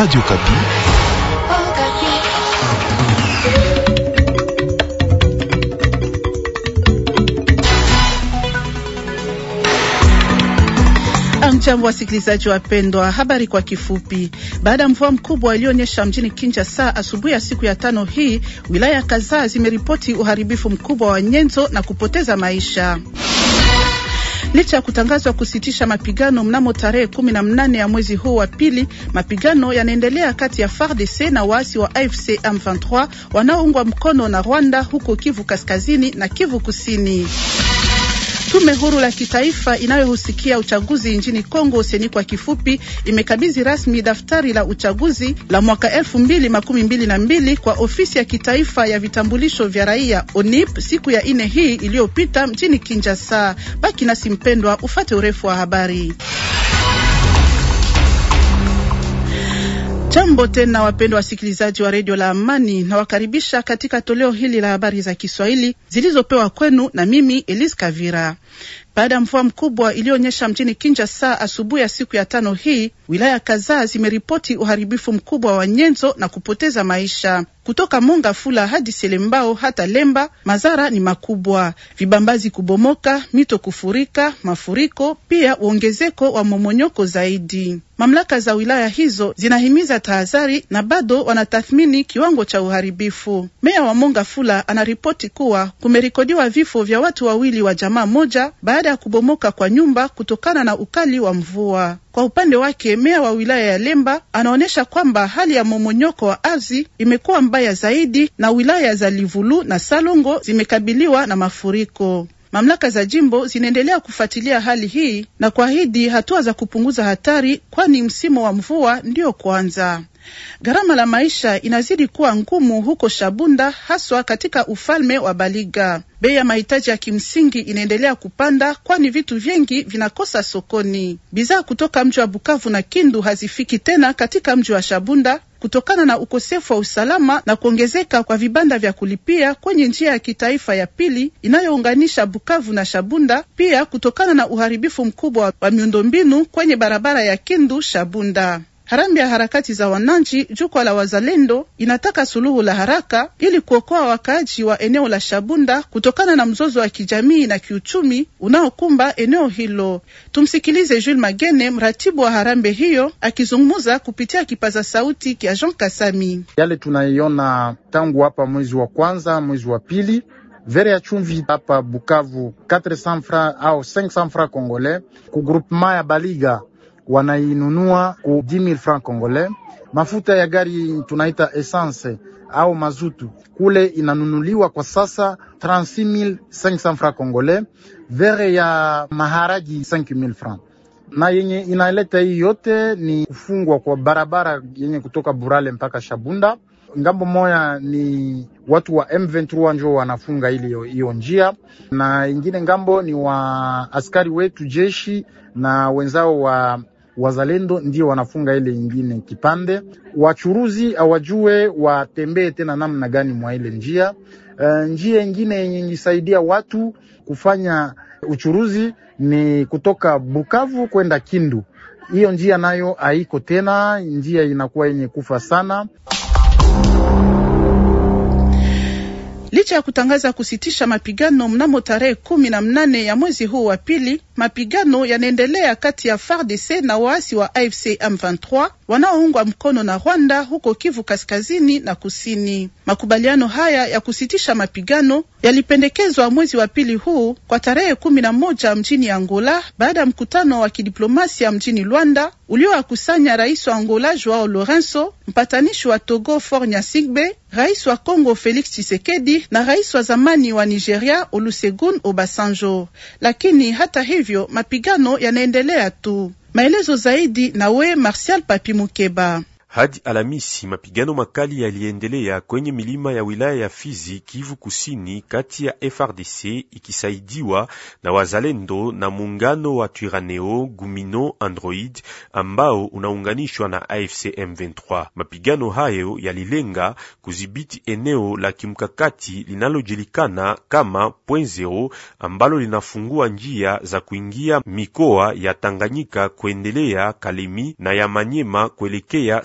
Radio Kapi. Mchambo wasikilizaji wapendwa, habari kwa kifupi. Baada ya mvua mkubwa iliyoonyesha mjini saa asubuhi ya siku ya tano hii, wilaya kadhaa zimeripoti uharibifu mkubwa wa nyenzo na kupoteza maisha licha ya kutangazwa kusitisha mapigano mnamo tarehe kumi na mnane ya mwezi huu wa pili. Mapigano yanaendelea kati ya FARDC na waasi wa AFC M23 wanaoungwa mkono na Rwanda huko Kivu Kaskazini na Kivu Kusini. Tume huru la kitaifa inayohusikia uchaguzi nchini Kongo seni kwa kifupi, imekabidhi rasmi daftari la uchaguzi la mwaka elfu mbili makumi mbili na mbili kwa ofisi ya kitaifa ya vitambulisho vya raia ONIP siku ya ine hii iliyopita mjini Kinshasa. Baki nasi mpendwa, ufate urefu wa habari. Jambo tena wapendwa wasikilizaji wa redio la Amani, nawakaribisha katika toleo hili la habari za Kiswahili zilizopewa kwenu na mimi Elise Kavira. Baada ya mvua mkubwa iliyoonyesha mjini Kinshasa asubuhi ya siku ya tano hii, wilaya kadhaa zimeripoti uharibifu mkubwa wa nyenzo na kupoteza maisha. Kutoka monga fula hadi Selembao hata Lemba, madhara ni makubwa: vibambazi kubomoka, mito kufurika, mafuriko, pia uongezeko wa momonyoko zaidi. Mamlaka za wilaya hizo zinahimiza tahadhari na bado wanatathmini kiwango cha uharibifu. Meya wa Monga Fula anaripoti kuwa kumerekodiwa vifo vya watu wawili wa jamaa moja baada ya kubomoka kwa nyumba kutokana na ukali wa mvua. Kwa upande wake meya wa wilaya ya Lemba anaonyesha kwamba hali ya momonyoko wa ardhi imekuwa mbaya zaidi na wilaya za Livulu na Salongo zimekabiliwa na mafuriko. Mamlaka za jimbo zinaendelea kufuatilia hali hii na kuahidi hatua za kupunguza hatari, kwani msimu wa mvua ndio kwanza. Gharama la maisha inazidi kuwa ngumu huko Shabunda, haswa katika ufalme wa Baliga. Bei ya mahitaji ya kimsingi inaendelea kupanda, kwani vitu vingi vinakosa sokoni. Bidhaa kutoka mji wa Bukavu na Kindu hazifiki tena katika mji wa Shabunda kutokana na ukosefu wa usalama na kuongezeka kwa vibanda vya kulipia kwenye njia ya kitaifa ya pili inayounganisha Bukavu na Shabunda, pia kutokana na uharibifu mkubwa wa miundombinu kwenye barabara ya Kindu Shabunda. Harambe ya harakati za wananchi jukwa la wazalendo inataka suluhu la haraka ili kuokoa wakaaji wa eneo la Shabunda kutokana na mzozo wa kijamii na kiuchumi unaokumba eneo hilo. Tumsikilize Jules Magene, mratibu wa Harambe hiyo, akizungumza kupitia kipaza sauti kya Jean Kasami. Yale tunaiona tangu hapa mwezi wa kwanza, mwezi wa pili vere ya chumvi hapa Bukavu 400 francs au 500 francs congolais, kugroupement ya Baliga wanainunua ku 10000 francs congolais. Mafuta ya gari tunaita essence au mazutu kule inanunuliwa kwa sasa 36500 francs congolais, vere ya maharagi 5000 francs na yenye inaleta hii yote ni kufungwa kwa barabara yenye kutoka Burale mpaka Shabunda. Ngambo moya ni watu wa M23 njo wanafunga hili hiyo njia, na ingine ngambo ni wa askari wetu jeshi na wenzao wa wazalendo ndio wanafunga ile ingine kipande. Wachuruzi awajue watembee tena namna gani mwa ile njia. Uh, njia ingine yenye isaidia watu kufanya uchuruzi ni kutoka Bukavu kwenda Kindu. Hiyo njia nayo haiko tena, njia inakuwa yenye kufa sana. Licha ya kutangaza kusitisha mapigano mnamo tarehe kumi na mnane ya mwezi huu wa pili mapigano yanaendelea kati ya FARDC na waasi wa AFC M23 wanaoungwa mkono na Rwanda huko Kivu kaskazini na kusini. Makubaliano haya ya kusitisha mapigano yalipendekezwa mwezi wa pili huu kwa tarehe kumi na moja mjini Angola baada ya mkutano wa kidiplomasia mjini Luanda uliowakusanya rais wa Angola Joao Lorenzo, mpatanishi wa Togo Faure sigbe rais wa congo Felix chisekedi na rais wa zamani wa Nigeria Olusegun Obasanjo. Lakini hata hivyo hivyo mapigano yanaendelea tu. Maelezo zaidi nawe Martial Papi Mukeba. Hadi alamisi mapigano makali yaliendelea kwenye milima ya wilaya ya Fizi, Kivu Kusini, kati ya FRDC ikisaidiwa na wazalendo na muungano wa Twiraneo Gumino Android ambao unaunganishwa na AFC M23. Mapigano hayo yalilenga kudhibiti eneo la kimkakati linalojulikana kama Point Zero ambalo linafungua njia za kuingia mikoa ya Tanganyika kuendelea Kalemi na ya Manyema kuelekea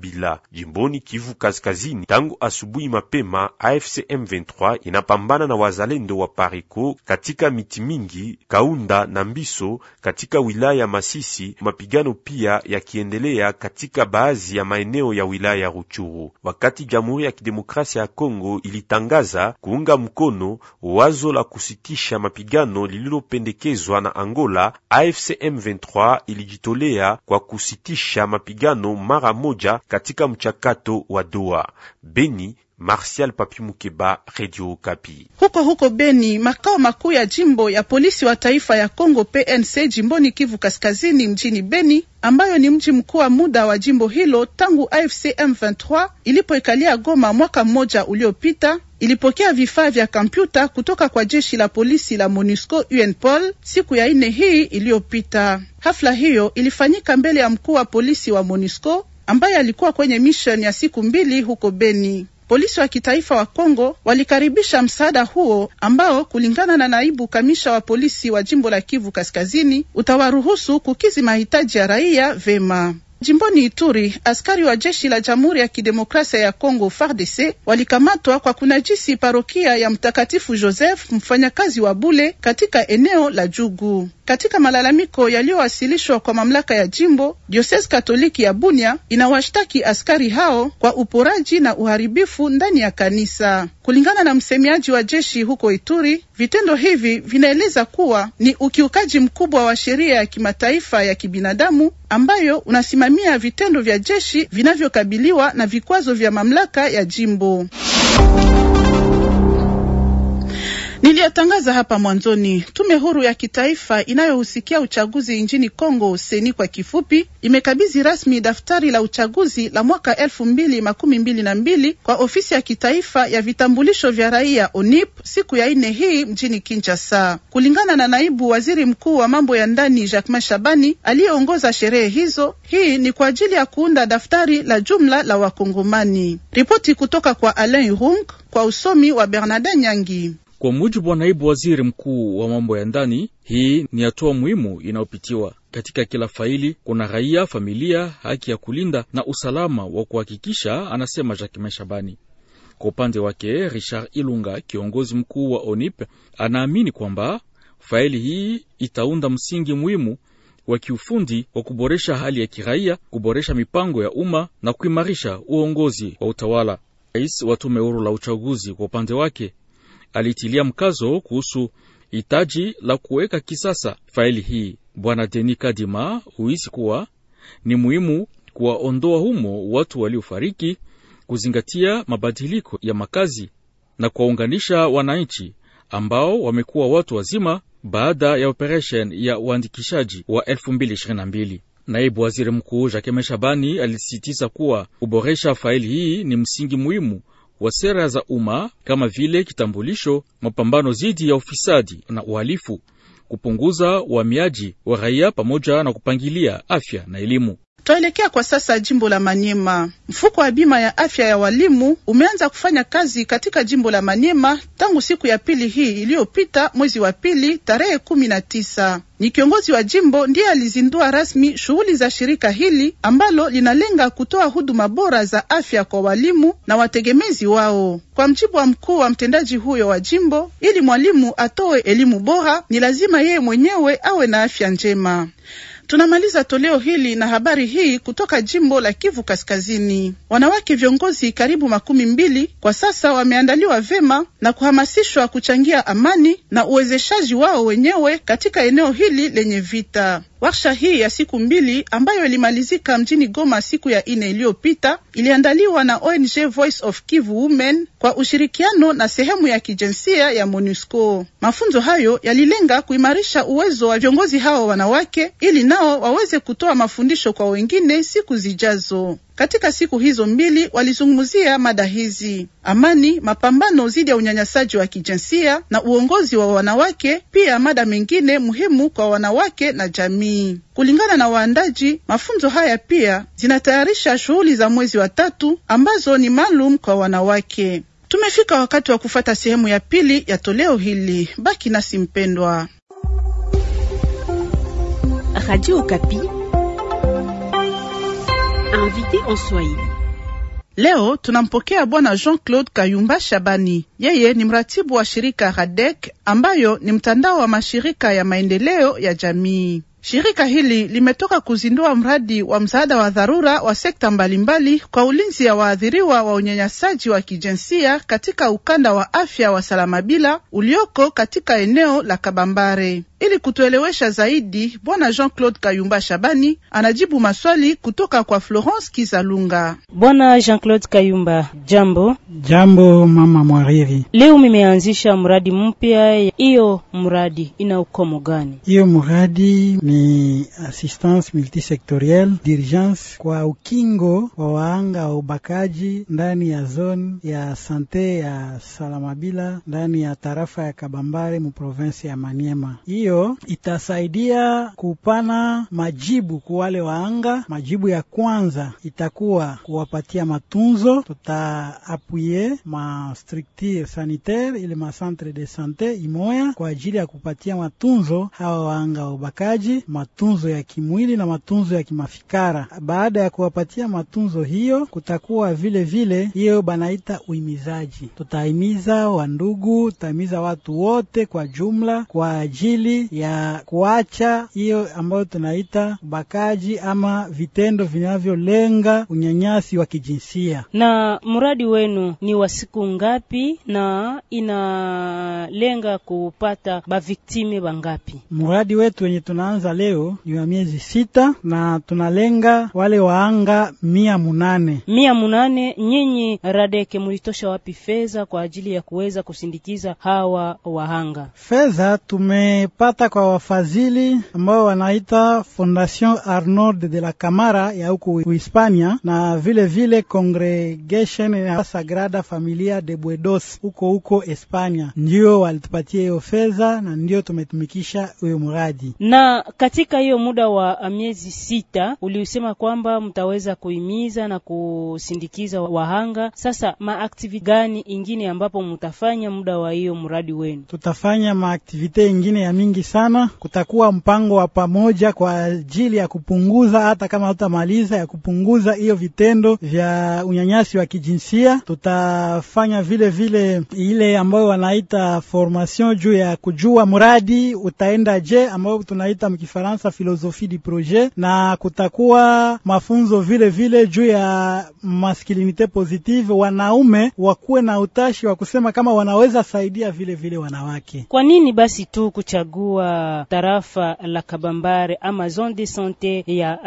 bila jimboni Kivu Kaskazini. Tangu asubuhi mapema, AFC M23 inapambana na wazalendo wa pariko katika miti mingi Kaunda na Mbiso katika wilaya Masisi, mapigano pia yakiendelea katika baadhi ya maeneo ya wilaya ya Ruchuru. Wakati Jamhuri ya Kidemokrasia ya Kongo ilitangaza kuunga mkono wazo la kusitisha mapigano lililopendekezwa na Angola, AFC M23 ilijitolea kwa kusitisha mapigano mara moja moja katika mchakato wa dua Beni, Martial Papi Mukeba, Radio Kapi. Huko huko Beni, makao makuu ya jimbo ya polisi wa taifa ya Congo PNC jimboni Kivu Kaskazini mjini Beni, ambayo ni mji mkuu wa muda wa jimbo hilo tangu AFC M23 ilipoikalia Goma mwaka mmoja uliopita ilipokea vifaa vya kompyuta kutoka kwa jeshi la polisi la MONUSCO UNPOL siku ya ine hii iliyopita. Hafla hiyo ilifanyika mbele ya mkuu wa polisi wa MONUSCO ambaye alikuwa kwenye misheni ya siku mbili huko Beni. Polisi wa kitaifa wa Kongo walikaribisha msaada huo ambao kulingana na naibu kamisha wa polisi wa jimbo la Kivu Kaskazini utawaruhusu kukizi mahitaji ya raia vema. Jimboni Ituri, askari wa jeshi la Jamhuri ya Kidemokrasia ya Kongo FARDC walikamatwa kwa kunajisi parokia ya Mtakatifu Joseph, mfanyakazi wa Bule katika eneo la Jugu. Katika malalamiko yaliyowasilishwa kwa mamlaka ya jimbo, diosesi Katoliki ya Bunia inawashtaki askari hao kwa uporaji na uharibifu ndani ya kanisa. Kulingana na msemaji wa jeshi huko Ituri, vitendo hivi vinaeleza kuwa ni ukiukaji mkubwa wa sheria ya kimataifa ya kibinadamu ambayo unasimamia vitendo vya jeshi vinavyokabiliwa na vikwazo vya mamlaka ya jimbo. Niliyatangaza hapa mwanzoni, tume huru ya kitaifa inayohusikia uchaguzi nchini Kongo, seni kwa kifupi, imekabidhi rasmi daftari la uchaguzi la mwaka elfu mbili makumi mbili na mbili kwa ofisi ya kitaifa ya vitambulisho vya raia ONIP siku ya ine hii mjini Kinshasa. Kulingana na naibu waziri mkuu wa mambo ya ndani Jacquemain Shabani aliyeongoza sherehe hizo, hii ni kwa ajili ya kuunda daftari la jumla la Wakongomani. Ripoti kutoka kwa Alain Rung kwa usomi wa Bernardin Nyangi. Kwa mujibu wa naibu waziri mkuu wa mambo ya ndani, hii ni hatua muhimu inayopitiwa katika kila faili. Kuna raia, familia, haki ya kulinda na usalama wa kuhakikisha, anasema Jacquemain Shabani. Kwa upande wake Richard Ilunga, kiongozi mkuu wa ONIP, anaamini kwamba faili hii itaunda msingi muhimu wa kiufundi wa kuboresha hali ya kiraia, kuboresha mipango ya umma na kuimarisha uongozi wa utawala. Rais wa tume huru la uchaguzi kwa upande wake alitilia mkazo kuhusu hitaji la kuweka kisasa faili hii. Bwana Denis Kadima huisi kuwa ni muhimu kuwaondoa humo watu waliofariki, kuzingatia mabadiliko ya makazi na kuwaunganisha wananchi ambao wamekuwa watu wazima baada ya operesheni ya uandikishaji wa 2022. Naibu waziri mkuu Jacques alisisitiza kuwa kuboresha faili hii ni msingi muhimu wa sera za umma kama vile kitambulisho, mapambano dhidi ya ufisadi na uhalifu, kupunguza uhamiaji wa raia pamoja na kupangilia afya na elimu. Twaelekea kwa sasa jimbo la Manyema. Mfuko wa bima ya afya ya walimu umeanza kufanya kazi katika jimbo la Manyema tangu siku ya pili hii iliyopita, mwezi wa pili tarehe kumi na tisa. Ni kiongozi wa jimbo ndiye alizindua rasmi shughuli za shirika hili ambalo linalenga kutoa huduma bora za afya kwa walimu na wategemezi wao. Kwa mjibu wa mkuu wa mtendaji huyo wa jimbo, ili mwalimu atoe elimu bora, ni lazima yeye mwenyewe awe na afya njema. Tunamaliza toleo hili na habari hii kutoka jimbo la Kivu Kaskazini. Wanawake viongozi karibu makumi mbili kwa sasa wameandaliwa vema na kuhamasishwa kuchangia amani na uwezeshaji wao wenyewe katika eneo hili lenye vita. Warsha hii ya siku mbili ambayo ilimalizika mjini Goma siku ya ine iliyopita iliandaliwa na ONG Voice of Kivu Women kwa ushirikiano na sehemu ya kijinsia ya MONUSCO. Mafunzo hayo yalilenga kuimarisha uwezo wa viongozi hao wanawake ili nao waweze kutoa mafundisho kwa wengine siku zijazo. Katika siku hizo mbili walizungumzia mada hizi: amani, mapambano dhidi ya unyanyasaji wa kijinsia na uongozi wa wanawake, pia mada mengine muhimu kwa wanawake na jamii. Kulingana na waandaji, mafunzo haya pia zinatayarisha shughuli za mwezi wa tatu ambazo ni maalum kwa wanawake. Tumefika wakati wa kufata sehemu ya pili ya toleo hili. Baki nasi mpendwa Radio invité en Swahili. Leo tunampokea Bwana Jean-Claude Kayumba Shabani. Yeye ni mratibu wa shirika radek ambayo ni mtandao wa mashirika ya maendeleo ya jamii. Shirika hili limetoka kuzindua mradi wa msaada wa dharura wa sekta mbalimbali mbali kwa ulinzi ya waathiriwa wa unyanyasaji wa kijinsia katika ukanda wa afya wa Salamabila ulioko katika eneo la Kabambare. Ili kutuelewesha zaidi, Bwana Jean-Claude Kayumba Shabani anajibu maswali kutoka kwa Florence Kizalunga. Bwana Jean-Claude Kayumba, jambo. Jambo mama Mwariri. Leo mimeanzisha mradi mpya, hiyo mradi ina ukomo gani? Hiyo mradi ni assistance multisectorielle dirigence kwa ukingo wa waanga wa ubakaji ndani ya zone ya sante ya Salamabila ndani ya tarafa ya Kabambare mu province ya Maniema. Hiyo itasaidia kupana majibu kwa wale waanga. Majibu ya kwanza itakuwa kuwapatia matunzo, tutaapuye ma structure sanitaire ili ma centre de sante imoya kwa ajili ya kupatia matunzo hawa waanga wa ubakaji matunzo ya kimwili na matunzo ya kimafikara. Baada ya kuwapatia matunzo hiyo, kutakuwa vile vile hiyo banaita uimizaji. Tutahimiza wandugu, tutahimiza watu wote kwa jumla kwa ajili ya kuacha hiyo ambayo tunaita ubakaji ama vitendo vinavyolenga unyanyasi wa kijinsia. Na mradi wenu ni wa siku ngapi na inalenga kupata baviktime bangapi? Mradi wetu wenye tunaanza tunaanza leo ni wa miezi sita na tunalenga wale waanga mia munane mia munane. Nyinyi Radeke mulitosha wapi fedha kwa ajili ya kuweza kusindikiza hawa wahanga? Fedha tumepata kwa wafadhili ambao wanaita Fondation Arnold de la Camara ya huku Uhispania na vile vile Congregation ya Sagrada Familia de Buedos huko huko Espanya, ndio walitupatia hiyo fedha na ndio tumetumikisha huyo mradi na katika hiyo muda wa uh, miezi sita uliusema kwamba mtaweza kuhimiza na kusindikiza wahanga. Sasa maaktivite gani ingine ambapo mtafanya muda wa hiyo mradi wenu? Tutafanya maaktivite ingine ya mingi sana. Kutakuwa mpango wa pamoja kwa ajili ya kupunguza, hata kama tutamaliza, ya kupunguza hiyo vitendo vya unyanyasi wa kijinsia. Tutafanya vile vile ile ambayo wanaita formation juu ya kujua mradi utaenda je, ambayo tunaita mki Kifaransa philosophie du projet, na kutakuwa mafunzo vile vile juu ya masculinite positive. Wanaume wakuwe na utashi wa kusema kama wanaweza saidia vile vile wanawake. Kwa nini basi tu kuchagua tarafa la Kabambare ama zone de sante ya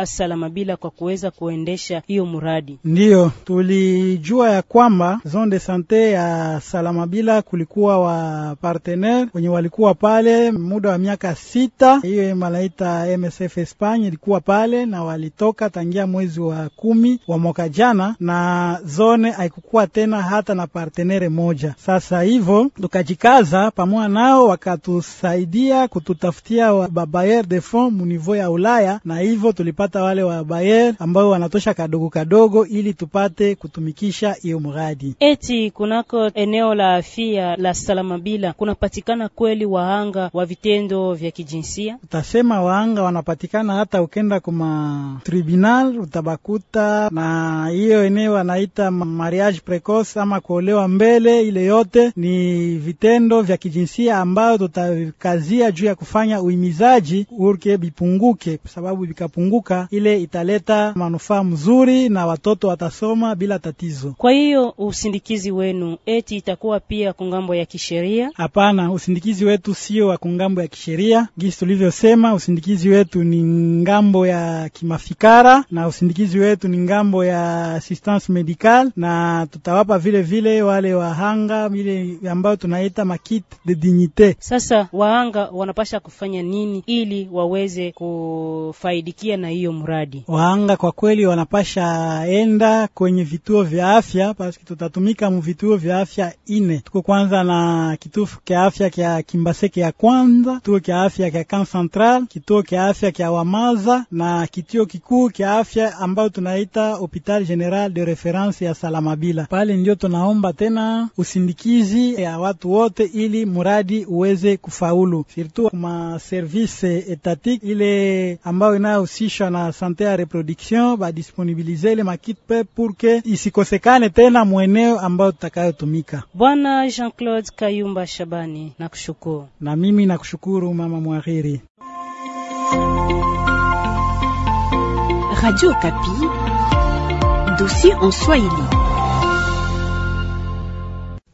bila kwa kuweza kuendesha hiyo muradi? Ndiyo tulijua ya kwamba zone de sante ya Salamabila kulikuwa wa partenaire wenye walikuwa pale muda wa miaka sita hiyo tunaita MSF Espanya ilikuwa pale na walitoka tangia mwezi wa kumi wa mwaka jana, na zone haikukuwa tena hata na partenere moja. Sasa hivyo tukajikaza pamoja nao, wakatusaidia kututafutia babayer de fond munivo ya Ulaya, na hivyo tulipata wale wabayer ambao wanatosha kadogo kadogo ili tupate kutumikisha hiyo mradi. Eti kunako eneo la afia la Salamabila kunapatikana kweli wahanga wa vitendo vya kijinsia, utasema waanga wanapatikana, hata ukenda kuma tribunal utabakuta, na hiyo eneo wanaita mariage precoce ama kuolewa mbele. Ile yote ni vitendo vya kijinsia ambayo tutakazia juu ya kufanya uimizaji urke bipunguke, kwa sababu vikapunguka, ile italeta manufaa mzuri na watoto watasoma bila tatizo. Kwa hiyo usindikizi wenu eti itakuwa pia kungambo ya kisheria? Hapana, usindikizi wetu sio wa kungambo ya kisheria, gisi tulivyosema usindikizi wetu ni ngambo ya kimafikara na usindikizi wetu ni ngambo ya assistance medical, na tutawapa vile vile wale wahanga vile ambayo tunaita makit de dignite. Sasa wahanga wanapasha kufanya nini ili waweze kufaidikia na hiyo mradi? Wahanga kwa kweli wanapasha enda kwenye vituo vya afya, paski tutatumika mu vituo vya afya ine. Tuko kwanza na kituo kya afya kya Kimbaseke ya kwanza, tuko kya afya kya Camp Central, kituo kya afya kya Wamaza na kituo kikuu kya afya ambayo tunaita Hopital General de Reference ya Salamabila. Pale ndio tunaomba tena usindikizi ya watu wote, ili muradi uweze kufaulu, surtout ma service etatique ile ambayo inayohusishwa na sante ya reproduction, badisponibilize ile pe pour que isikosekane tena mweneo ambayo tutakayotumika. Bwana Jean Claude Kayumba Shabani, nakushukuru. Na mimi nakushukuru mama mwariri. Radio Kapi. Dossier en Swahili.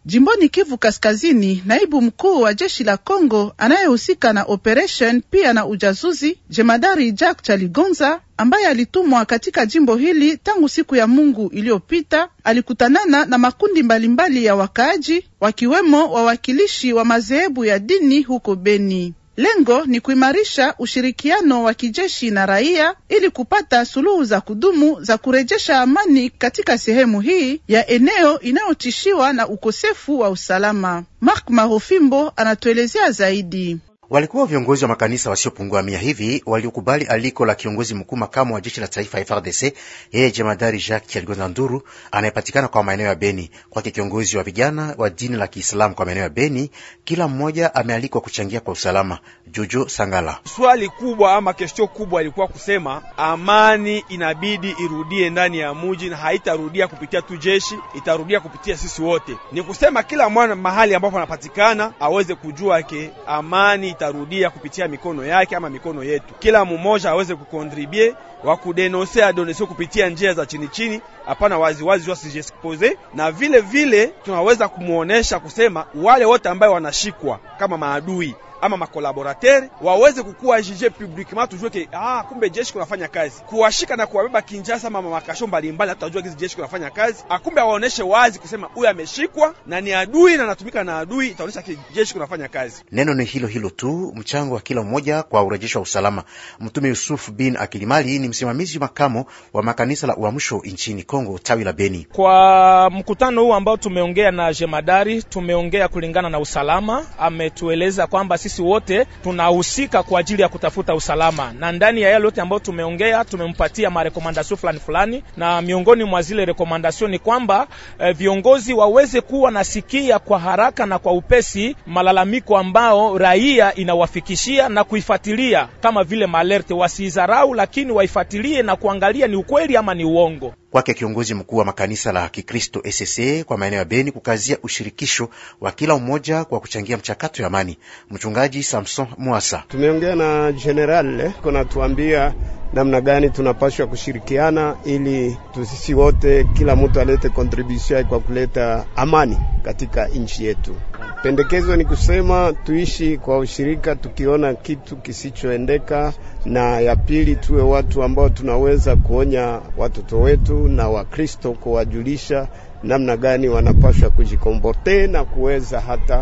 Jimboni Kivu Kaskazini, naibu mkuu wa jeshi la Kongo anayehusika na operation pia na ujazuzi, jemadari Jack Chaligonza ambaye alitumwa katika jimbo hili tangu siku ya Mungu iliyopita, alikutanana na makundi mbalimbali ya wakaaji wakiwemo wawakilishi wa madhehebu ya dini huko Beni. Lengo ni kuimarisha ushirikiano wa kijeshi na raia ili kupata suluhu za kudumu za kurejesha amani katika sehemu hii ya eneo inayotishiwa na ukosefu wa usalama. Mark Marofimbo anatuelezea zaidi walikuwa viongozi wa makanisa wasiopungua mia hivi waliokubali aliko la kiongozi mkuu makamu wa jeshi la taifa FRDC, yeye jemadari Jacques Kialgonza Nduru anayepatikana kwa maeneo ya Beni. Kwake kiongozi wa vijana wa dini la Kiislamu kwa maeneo ya Beni, kila mmoja amealikwa kuchangia kwa usalama. Jojo Sangala, swali kubwa ama kestio kubwa ilikuwa kusema amani inabidi irudie ndani ya muji, na haitarudia kupitia tu jeshi, itarudia kupitia sisi wote. Ni kusema kila mwana mahali ambapo anapatikana aweze kujua ke amani itarudia kupitia mikono yake ama mikono yetu. Kila mmoja aweze kukontribue wa kudenonse adonese kupitia njia za chini chini, hapana waziwazi wasijespose, na vile vile tunaweza kumwonesha kusema wale wote ambao wanashikwa kama maadui ama makolaborateur waweze kukua jije publiquement, tujue ke ah, kumbe jeshi kunafanya kazi, kuwashika na kuwabeba Kinshasa ama makasho mbalimbali, hata tujue jeshi kunafanya kazi. Akumbe ah, waoneshe wazi kusema huyu ameshikwa na ni adui na anatumika na adui, itaonesha ke jeshi kunafanya kazi. Neno ni hilo hilo tu, mchango wa kila mmoja kwa urejesho wa usalama. Mtume Yusuf bin Akilimali ni msimamizi makamo wa makanisa la Uamsho nchini Kongo tawi la Beni. Kwa mkutano huu ambao tumeongea na jemadari, tumeongea kulingana na usalama, ametueleza kwamba sisi wote tunahusika kwa ajili ya kutafuta usalama, na ndani ya yale yote ambayo tumeongea, tumempatia marekomandasio fulani fulani, na miongoni mwa zile rekomandasio ni kwamba eh, viongozi waweze kuwa nasikia kwa haraka na kwa upesi malalamiko ambao raia inawafikishia na kuifuatilia kama vile malerte, wasiizarau lakini waifuatilie na kuangalia ni ukweli ama ni uongo kwake kiongozi mkuu wa makanisa la Kikristo ECC kwa maeneo ya Beni kukazia ushirikisho wa kila mmoja kwa kuchangia mchakato ya amani. Mchungaji Samson Mwasa: tumeongea na general eh, kunatuambia namna gani tunapashwa kushirikiana ili tusisi wote, kila mtu alete contribution kwa kuleta amani katika nchi yetu. Pendekezo ni kusema tuishi kwa ushirika, tukiona kitu kisichoendeka, na ya pili tuwe watu ambao tunaweza kuonya watoto wetu na Wakristo kuwajulisha namna gani wanapashwa kujikomporte na kuweza hata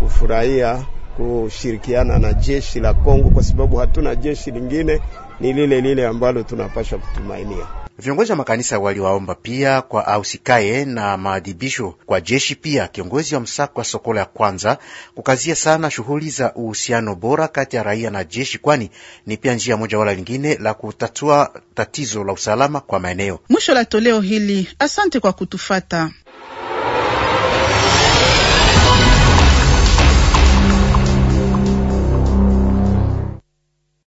kufurahia kushirikiana na jeshi la Kongo, kwa sababu hatuna jeshi lingine ni lile lile ambalo tunapasha kutumainia. Viongozi wa makanisa waliwaomba pia kwa ausikae na maadhibisho kwa jeshi, pia kiongozi wa msako wa Sokola ya kwanza kukazia sana shughuli za uhusiano bora kati ya raia na jeshi, kwani ni pia njia moja wala lingine la kutatua tatizo la usalama kwa maeneo. Mwisho la toleo hili, asante kwa kutufata.